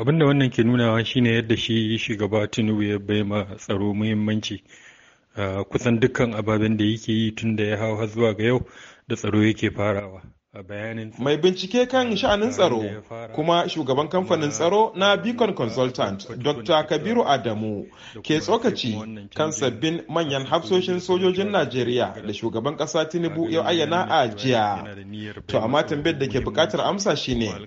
abin da wannan ke nunawa shine yadda shi shugaba tinubu ya bai ma tsaro muhimmanci ah, kusan dukkan ababen da yake yi tun da ya hau har zuwa ga yau da tsaro yake farawa mai bincike kan sha'anin tsaro kuma shugaban kamfanin tsaro na beacon consultant dr kabiru adamu ke tsokaci kan sabbin manyan hafsoshin sojojin najeriya da shugaban kasa tinubu ya ayyana a jiya to amma tambayar da ke bukatar amsa shine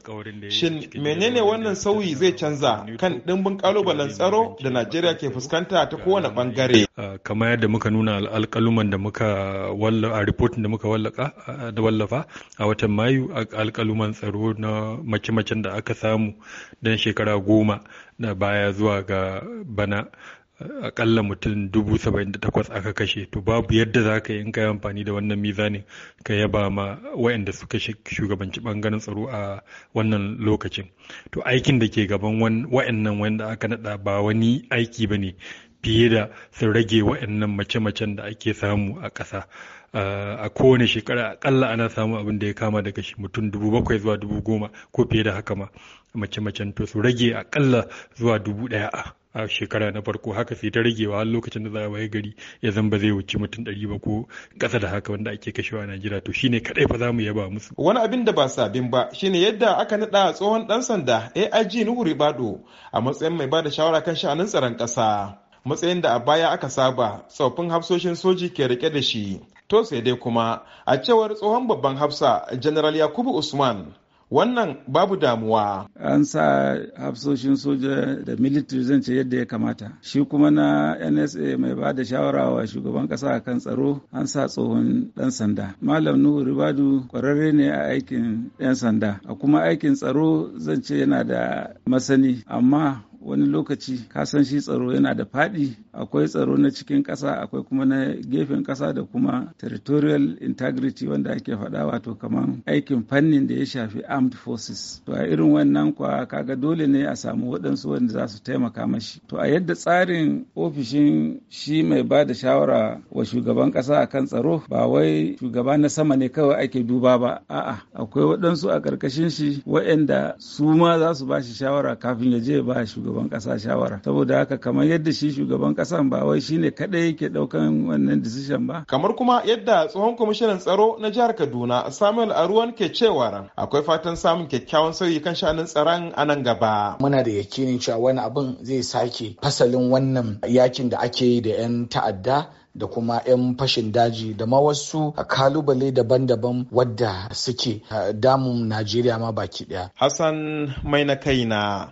shin menene wannan sauyi zai canza kan dimbin kalubalen tsaro da najeriya ke fuskanta ta kowane bangare ah, kamar yadda muka nuna alkaluman da muka ah, wallafa a da muka wallafa wata watan mayu a alkaluman tsaro na mace-macen da aka samu don shekara goma na baya zuwa ga bana akalla mutum dubu saba'in da takwas aka kashe to babu yadda za ka yi in ka yi amfani da wannan mizanin ka yaba ma waɗanda suka shugabanci bangaren tsaro a wannan lokacin to aikin da ke gaban waɗannan wanda aka naɗa ba wani aiki ba ne fiye da su rage wa'annan mace-macen da ake samu a ƙasa a kowane shekara akalla ana samu abin da ya kama daga mutum dubu bakwai zuwa dubu goma ko fiye da haka ma mace-macen to su rage akalla zuwa dubu ɗaya a shekara na farko haka sai ta ragewa har lokacin da za a waye gari ya zan ba zai wuce mutum ɗari ba ko ƙasa da haka wanda ake kashewa a Najeriya to shine kadai fa zamu yaba musu. Wani abin da ba sabin ba shine yadda aka naɗa tsohon ɗan sanda AIG Nuhu Ribado a matsayin mai ba da shawara kan sha'anin tsaron ƙasa. matsayin da a baya aka saba tsoffin hafsoshin soji ke rike da shi to sai dai kuma a cewar tsohon babban hafsa general yakubu usman wannan babu damuwa. An sa hafsoshin soja da military zan ce yadda ya kamata. Shi kuma na NSA mai ba da shawara wa shugaban kasa kan tsaro an sa tsohon dan sanda. Malam Nuhu Ribadu kwararre ne a aikin 'yan sanda. A kuma aikin tsaro zan ce yana da masani amma wani lokaci kasan shi tsaro yana da faɗi akwai tsaro na cikin ƙasa akwai kuma na gefen ƙasa da kuma territorial integrity wanda ake faɗa wato kaman aikin fannin da ya shafi armed forces to a irin wannan kwa kaga dole ne a samu waɗansu wanda za su taimaka mashi to a yadda tsarin ofishin shi mai ba da shawara wa shugaban ƙasa akan tsaro ba wai shugaba na sama ne kawai ake duba ba a'a akwai waɗansu a ƙarƙashin shi waɗanda su ma za su ba shi shawara kafin ya je ba shugaba shugaban kasa shawara saboda haka kamar yadda shi shugaban kasan ba wai shine kadai yake daukan wannan decision ba kamar kuma yadda tsohon kwamishinan tsaro na jihar Kaduna Samuel Aruwan ke cewa akwai fatan samun kyakkyawan sauyi kan shanun tsaron a nan gaba muna da yakinin cewa wani abin zai sake fasalin wannan yakin da ake yi da 'yan ta'adda da kuma 'yan fashin daji da ma wasu kalubale daban-daban wadda suke eh, damun Najeriya ma baki daya. Hassan mai na kaina